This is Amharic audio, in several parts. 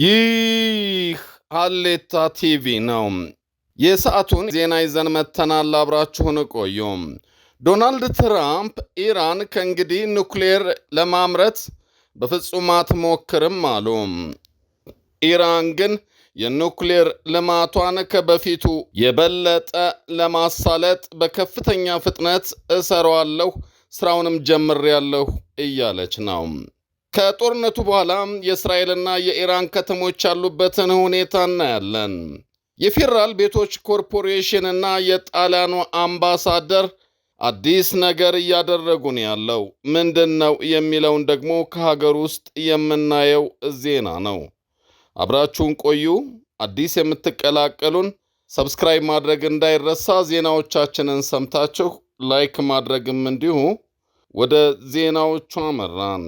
ይህ አሌታ ቲቪ ነው። የሰዓቱን ዜና ይዘን መተናል። አብራችሁን ቆዩ። ዶናልድ ትራምፕ ኢራን ከእንግዲህ ኑክሌር ለማምረት በፍጹም አትሞክርም አሉ። ኢራን ግን የኑክሌር ልማቷን ከበፊቱ የበለጠ ለማሳለጥ በከፍተኛ ፍጥነት እሰራዋለሁ፣ ስራውንም ጀምሬያለሁ እያለች ነው። ከጦርነቱ በኋላ የእስራኤልና የኢራን ከተሞች ያሉበትን ሁኔታ እናያለን። የፌዴራል ቤቶች ኮርፖሬሽንና የጣሊያኑ አምባሳደር አዲስ ነገር እያደረጉ ነው ያለው ምንድን ነው የሚለውን ደግሞ ከሀገር ውስጥ የምናየው ዜና ነው። አብራችሁን ቆዩ። አዲስ የምትቀላቀሉን ሰብስክራይብ ማድረግ እንዳይረሳ፣ ዜናዎቻችንን ሰምታችሁ ላይክ ማድረግም እንዲሁ። ወደ ዜናዎቹ አመራን።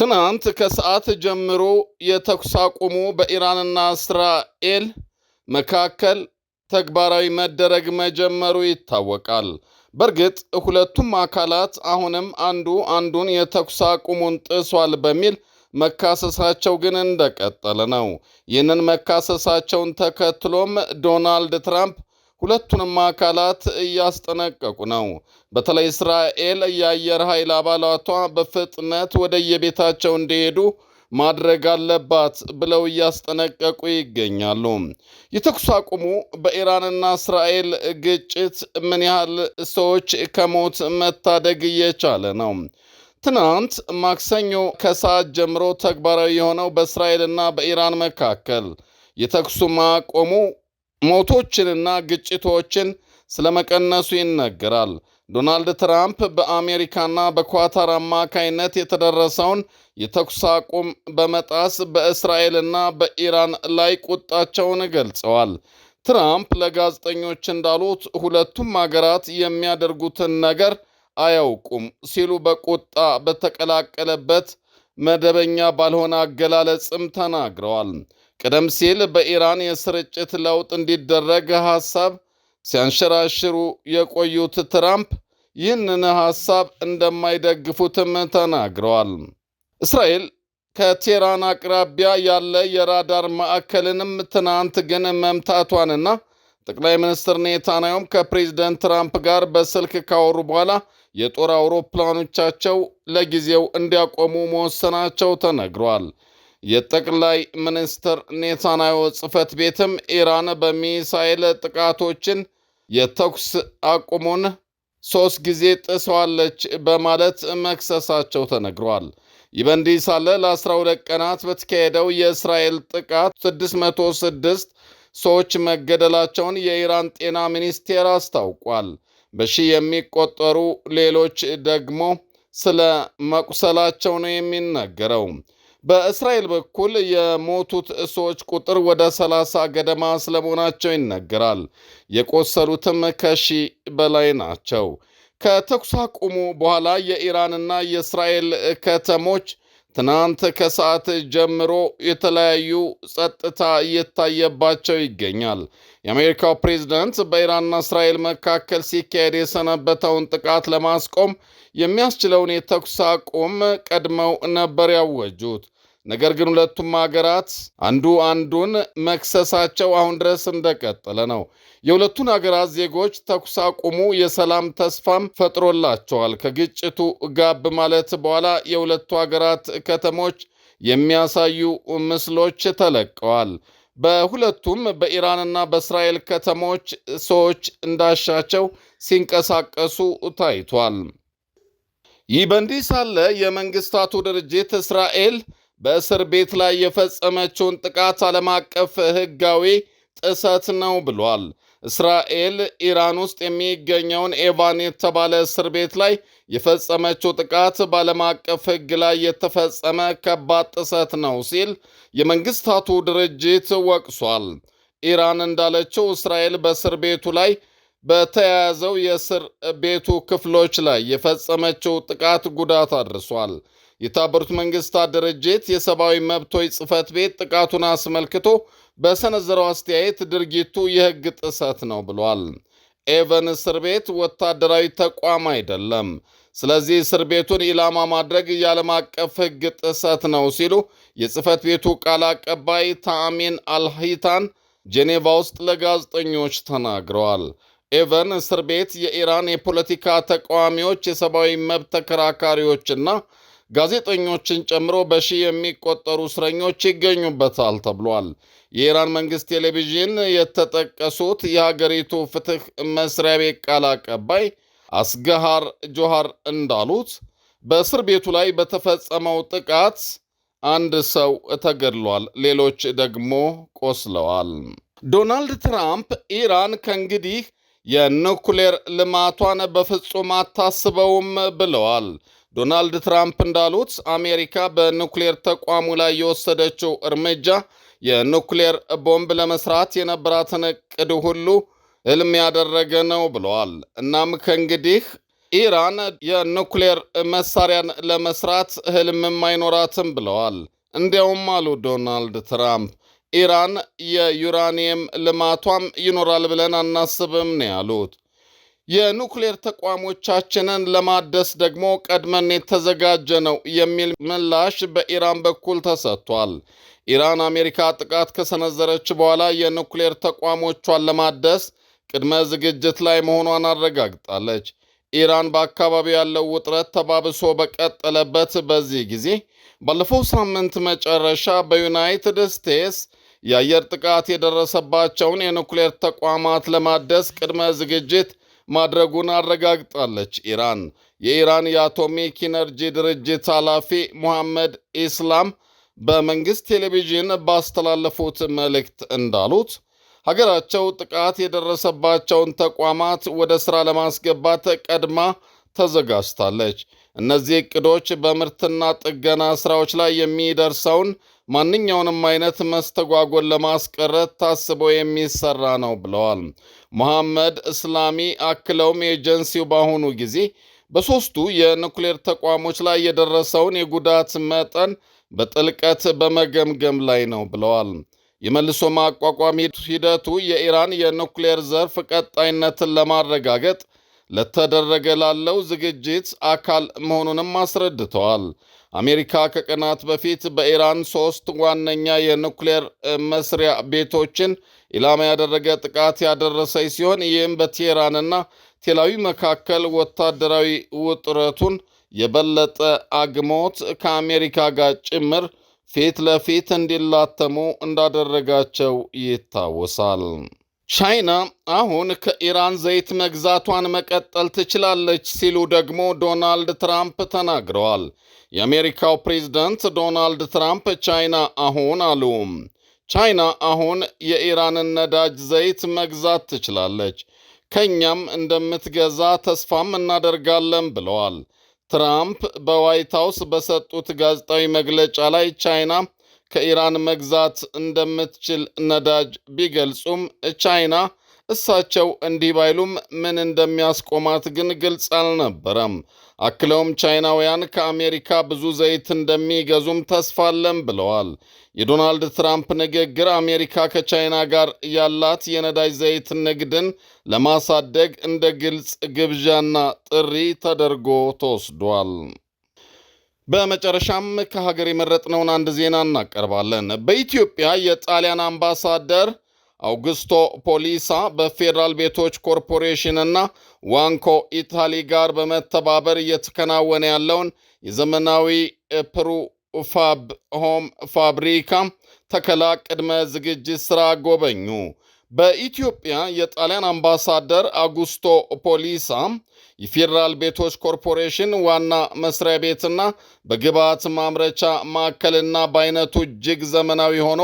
ትናንት ከሰዓት ጀምሮ የተኩስ አቁሙ በኢራንና እስራኤል መካከል ተግባራዊ መደረግ መጀመሩ ይታወቃል። በእርግጥ ሁለቱም አካላት አሁንም አንዱ አንዱን የተኩስ አቁሙን ጥሷል በሚል መካሰሳቸው ግን እንደቀጠለ ነው። ይህንን መካሰሳቸውን ተከትሎም ዶናልድ ትራምፕ ሁለቱንም አካላት እያስጠነቀቁ ነው። በተለይ እስራኤል የአየር ኃይል አባላቷ በፍጥነት ወደ የቤታቸው እንዲሄዱ ማድረግ አለባት ብለው እያስጠነቀቁ ይገኛሉ። የተኩስ አቁሙ በኢራንና እስራኤል ግጭት ምን ያህል ሰዎች ከሞት መታደግ እየቻለ ነው? ትናንት ማክሰኞ ከሰዓት ጀምሮ ተግባራዊ የሆነው በእስራኤልና በኢራን መካከል የተኩሱ ማቆሙ ሞቶችንና ግጭቶችን ስለመቀነሱ ይነገራል። ዶናልድ ትራምፕ በአሜሪካና በኳታር አማካይነት የተደረሰውን የተኩስ አቁም በመጣስ በእስራኤልና በኢራን ላይ ቁጣቸውን ገልጸዋል። ትራምፕ ለጋዜጠኞች እንዳሉት ሁለቱም አገራት የሚያደርጉትን ነገር አያውቁም ሲሉ በቁጣ በተቀላቀለበት መደበኛ ባልሆነ አገላለጽም ተናግረዋል። ቀደም ሲል በኢራን የስርጭት ለውጥ እንዲደረግ ሐሳብ ሲያንሸራሽሩ የቆዩት ትራምፕ ይህንን ሐሳብ እንደማይደግፉትም ተናግረዋል። እስራኤል ከቴህራን አቅራቢያ ያለ የራዳር ማዕከልንም ትናንት ግን መምታቷንና ጠቅላይ ሚኒስትር ኔታንያሁም ከፕሬዚደንት ትራምፕ ጋር በስልክ ካወሩ በኋላ የጦር አውሮፕላኖቻቸው ለጊዜው እንዲያቆሙ መወሰናቸው ተነግሯል። የጠቅላይ ሚኒስትር ኔታንያሁ ጽህፈት ቤትም ኢራን በሚሳኤል ጥቃቶችን የተኩስ አቁሙን ሶስት ጊዜ ጥሰዋለች በማለት መክሰሳቸው ተነግሯል። ይህ በእንዲህ ሳለ ለ12 ቀናት በተካሄደው የእስራኤል ጥቃት 606 ሰዎች መገደላቸውን የኢራን ጤና ሚኒስቴር አስታውቋል። በሺህ የሚቆጠሩ ሌሎች ደግሞ ስለ መቁሰላቸው ነው የሚነገረው። በእስራኤል በኩል የሞቱት ሰዎች ቁጥር ወደ 30 ገደማ ስለመሆናቸው ይነገራል። የቆሰሉትም ከሺህ በላይ ናቸው። ከተኩስ አቁሙ በኋላ የኢራንና የእስራኤል ከተሞች ትናንት ከሰዓት ጀምሮ የተለያዩ ጸጥታ እየታየባቸው ይገኛል። የአሜሪካው ፕሬዝዳንት በኢራንና እስራኤል መካከል ሲካሄድ የሰነበተውን ጥቃት ለማስቆም የሚያስችለውን የተኩስ አቁም ቀድመው ነበር ያወጁት። ነገር ግን ሁለቱም ሀገራት አንዱ አንዱን መክሰሳቸው አሁን ድረስ እንደቀጠለ ነው። የሁለቱን ሀገራት ዜጎች ተኩስ አቁሙ የሰላም ተስፋም ፈጥሮላቸዋል። ከግጭቱ ጋብ ማለት በኋላ የሁለቱ ሀገራት ከተሞች የሚያሳዩ ምስሎች ተለቀዋል። በሁለቱም በኢራንና በእስራኤል ከተሞች ሰዎች እንዳሻቸው ሲንቀሳቀሱ ታይቷል። ይህ በእንዲህ ሳለ የመንግስታቱ ድርጅት እስራኤል በእስር ቤት ላይ የፈጸመችውን ጥቃት ዓለም አቀፍ ሕጋዊ ጥሰት ነው ብሏል። እስራኤል ኢራን ውስጥ የሚገኘውን ኤቫን የተባለ እስር ቤት ላይ የፈጸመችው ጥቃት በዓለም አቀፍ ሕግ ላይ የተፈጸመ ከባድ ጥሰት ነው ሲል የመንግስታቱ ድርጅት ወቅሷል። ኢራን እንዳለችው እስራኤል በእስር ቤቱ ላይ በተያያዘው የእስር ቤቱ ክፍሎች ላይ የፈጸመችው ጥቃት ጉዳት አድርሷል። የተባበሩት መንግስታት ድርጅት የሰብአዊ መብቶች ጽህፈት ቤት ጥቃቱን አስመልክቶ በሰነዘረው አስተያየት ድርጊቱ የሕግ ጥሰት ነው ብሏል። ኤቨን እስር ቤት ወታደራዊ ተቋም አይደለም፣ ስለዚህ እስር ቤቱን ኢላማ ማድረግ የዓለም አቀፍ ህግ ጥሰት ነው ሲሉ የጽህፈት ቤቱ ቃል አቀባይ ታአሚን አልሂታን ጄኔቫ ውስጥ ለጋዜጠኞች ተናግረዋል። ኤቨን እስር ቤት የኢራን የፖለቲካ ተቃዋሚዎች፣ የሰብአዊ መብት ተከራካሪዎችና ጋዜጠኞችን ጨምሮ በሺህ የሚቆጠሩ እስረኞች ይገኙበታል ተብሏል። የኢራን መንግሥት ቴሌቪዥን የተጠቀሱት የሀገሪቱ ፍትሕ መስሪያ ቤት ቃል አቀባይ አስገሃር ጆሃር እንዳሉት በእስር ቤቱ ላይ በተፈጸመው ጥቃት አንድ ሰው ተገድሏል፣ ሌሎች ደግሞ ቆስለዋል። ዶናልድ ትራምፕ ኢራን ከእንግዲህ የኑክሌር ልማቷን በፍጹም አታስበውም ብለዋል። ዶናልድ ትራምፕ እንዳሉት አሜሪካ በኑክሌር ተቋሙ ላይ የወሰደችው እርምጃ የኑክሌር ቦምብ ለመስራት የነበራትን እቅድ ሁሉ ህልም ያደረገ ነው ብለዋል። እናም ከእንግዲህ ኢራን የኑክሌር መሳሪያን ለመስራት ህልም አይኖራትም ብለዋል። እንዲያውም አሉ ዶናልድ ትራምፕ ኢራን የዩራኒየም ልማቷም ይኖራል ብለን አናስብም ነው ያሉት። የኑክሌር ተቋሞቻችንን ለማደስ ደግሞ ቀድመን የተዘጋጀ ነው የሚል ምላሽ በኢራን በኩል ተሰጥቷል። ኢራን አሜሪካ ጥቃት ከሰነዘረች በኋላ የኑክሌር ተቋሞቿን ለማደስ ቅድመ ዝግጅት ላይ መሆኗን አረጋግጣለች። ኢራን በአካባቢው ያለው ውጥረት ተባብሶ በቀጠለበት በዚህ ጊዜ ባለፈው ሳምንት መጨረሻ በዩናይትድ ስቴትስ የአየር ጥቃት የደረሰባቸውን የኑክሌር ተቋማት ለማደስ ቅድመ ዝግጅት ማድረጉን አረጋግጣለች ኢራን። የኢራን የአቶሚክ ኢነርጂ ድርጅት ኃላፊ ሙሐመድ ኢስላም በመንግሥት ቴሌቪዥን ባስተላለፉት መልእክት እንዳሉት ሀገራቸው ጥቃት የደረሰባቸውን ተቋማት ወደ ሥራ ለማስገባት ቀድማ ተዘጋጅታለች። እነዚህ ዕቅዶች በምርትና ጥገና ሥራዎች ላይ የሚደርሰውን ማንኛውንም አይነት መስተጓጎል ለማስቀረት ታስቦ የሚሰራ ነው ብለዋል መሐመድ እስላሚ። አክለውም ኤጀንሲው በአሁኑ ጊዜ በሦስቱ የኑክሌር ተቋሞች ላይ የደረሰውን የጉዳት መጠን በጥልቀት በመገምገም ላይ ነው ብለዋል። የመልሶ ማቋቋም ሂደቱ የኢራን የኑክሌር ዘርፍ ቀጣይነትን ለማረጋገጥ ለተደረገ ላለው ዝግጅት አካል መሆኑንም አስረድተዋል። አሜሪካ ከቀናት በፊት በኢራን ሶስት ዋነኛ የኑክሌር መስሪያ ቤቶችን ኢላማ ያደረገ ጥቃት ያደረሰች ሲሆን ይህም በቴህራንና ቴላዊ መካከል ወታደራዊ ውጥረቱን የበለጠ አግሞት ከአሜሪካ ጋር ጭምር ፊት ለፊት እንዲላተሙ እንዳደረጋቸው ይታወሳል። ቻይና አሁን ከኢራን ዘይት መግዛቷን መቀጠል ትችላለች ሲሉ ደግሞ ዶናልድ ትራምፕ ተናግረዋል። የአሜሪካው ፕሬዝዳንት ዶናልድ ትራምፕ ቻይና አሁን አሉ ቻይና አሁን የኢራንን ነዳጅ ዘይት መግዛት ትችላለች፣ ከእኛም እንደምትገዛ ተስፋም እናደርጋለን ብለዋል። ትራምፕ በዋይት ሃውስ በሰጡት ጋዜጣዊ መግለጫ ላይ ቻይና ከኢራን መግዛት እንደምትችል ነዳጅ ቢገልጹም ቻይና እሳቸው እንዲህ ባይሉም ምን እንደሚያስቆማት ግን ግልጽ አልነበረም። አክለውም ቻይናውያን ከአሜሪካ ብዙ ዘይት እንደሚገዙም ተስፋ አለን ብለዋል። የዶናልድ ትራምፕ ንግግር አሜሪካ ከቻይና ጋር ያላት የነዳጅ ዘይት ንግድን ለማሳደግ እንደ ግልጽ ግብዣና ጥሪ ተደርጎ ተወስዷል። በመጨረሻም ከሀገር የመረጥነውን አንድ ዜና እናቀርባለን። በኢትዮጵያ የጣሊያን አምባሳደር አውግስቶ ፖሊሳ በፌዴራል ቤቶች ኮርፖሬሽንና ዋንኮ ኢታሊ ጋር በመተባበር እየተከናወነ ያለውን የዘመናዊ ፕሩፋብ ሆም ፋብሪካ ተከላ ቅድመ ዝግጅት ሥራ ጎበኙ። በኢትዮጵያ የጣሊያን አምባሳደር አውጉስቶ ፖሊሳ የፌዴራል ቤቶች ኮርፖሬሽን ዋና መስሪያ ቤትና በግብዓት ማምረቻ ማዕከልና በአይነቱ እጅግ ዘመናዊ ሆኖ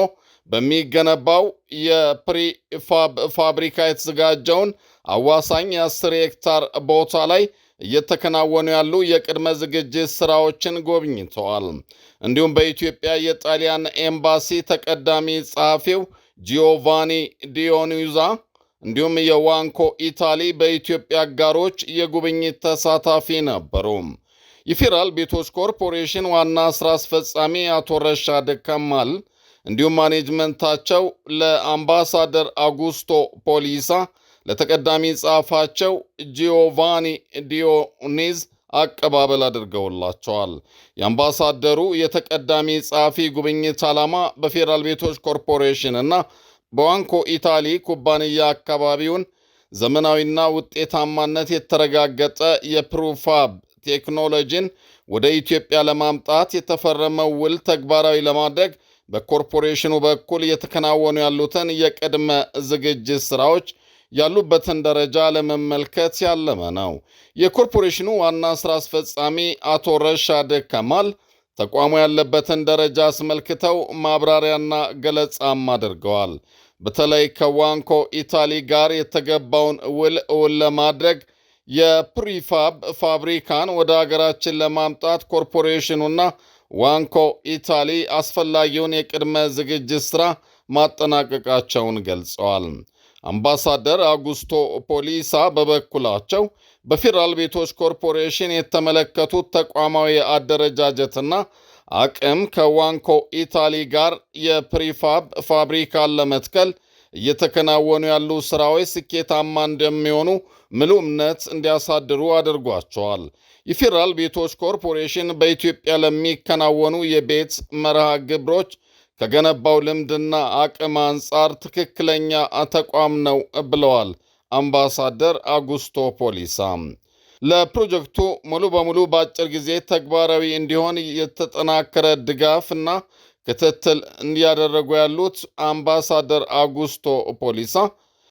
በሚገነባው የፕሪፋብ ፋብሪካ የተዘጋጀውን አዋሳኝ የአስር ሄክታር ቦታ ላይ እየተከናወኑ ያሉ የቅድመ ዝግጅት ስራዎችን ጎብኝተዋል። እንዲሁም በኢትዮጵያ የጣሊያን ኤምባሲ ተቀዳሚ ጸሐፊው ጂዮቫኒ ዲዮኒዛ እንዲሁም የዋንኮ ኢታሊ በኢትዮጵያ አጋሮች የጉብኝት ተሳታፊ ነበሩ። የፌዴራል ቤቶች ኮርፖሬሽን ዋና ሥራ አስፈጻሚ አቶ ረሻ ከማል እንዲሁም ማኔጅመንታቸው ለአምባሳደር አጉስቶ ፖሊሳ፣ ለተቀዳሚ ጸሐፊያቸው ጂዮቫኒ ዲዮኔዝ አቀባበል አድርገውላቸዋል። የአምባሳደሩ የተቀዳሚ ጸሐፊ ጉብኝት ዓላማ በፌዴራል ቤቶች ኮርፖሬሽን እና በዋንኮ ኢታሊ ኩባንያ አካባቢውን ዘመናዊና ውጤታማነት የተረጋገጠ የፕሩፋብ ቴክኖሎጂን ወደ ኢትዮጵያ ለማምጣት የተፈረመው ውል ተግባራዊ ለማድረግ በኮርፖሬሽኑ በኩል እየተከናወኑ ያሉትን የቅድመ ዝግጅት ስራዎች ያሉበትን ደረጃ ለመመልከት ያለመ ነው። የኮርፖሬሽኑ ዋና ሥራ አስፈጻሚ አቶ ረሻድ ከማል ተቋሙ ያለበትን ደረጃ አስመልክተው ማብራሪያና ገለጻም አድርገዋል። በተለይ ከዋንኮ ኢታሊ ጋር የተገባውን ውል እውን ለማድረግ የፕሪፋብ ፋብሪካን ወደ አገራችን ለማምጣት ኮርፖሬሽኑና ዋንኮ ኢታሊ አስፈላጊውን የቅድመ ዝግጅት ሥራ ማጠናቀቃቸውን ገልጸዋል። አምባሳደር አውጉስቶ ፖሊሳ በበኩላቸው በፌዴራል ቤቶች ኮርፖሬሽን የተመለከቱት ተቋማዊ አደረጃጀትና አቅም ከዋንኮ ኢታሊ ጋር የፕሪፋብ ፋብሪካን ለመትከል እየተከናወኑ ያሉ ሥራዎች ስኬታማ እንደሚሆኑ ምሉ እምነት እንዲያሳድሩ አድርጓቸዋል። የፌዴራል ቤቶች ኮርፖሬሽን በኢትዮጵያ ለሚከናወኑ የቤት መርሃ ግብሮች ከገነባው ልምድና አቅም አንጻር ትክክለኛ ተቋም ነው ብለዋል አምባሳደር አጉስቶ ፖሊሳ። ለፕሮጀክቱ ሙሉ በሙሉ በአጭር ጊዜ ተግባራዊ እንዲሆን የተጠናከረ ድጋፍ እና ክትትል እንዲያደረጉ ያሉት አምባሳደር አጉስቶ ፖሊሳ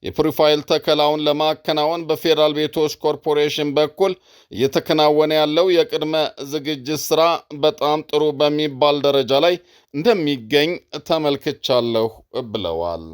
የፕሮፋይል ተከላውን ለማከናወን በፌዴራል ቤቶች ኮርፖሬሽን በኩል እየተከናወነ ያለው የቅድመ ዝግጅት ስራ በጣም ጥሩ በሚባል ደረጃ ላይ እንደሚገኝ ተመልክቻለሁ ብለዋል።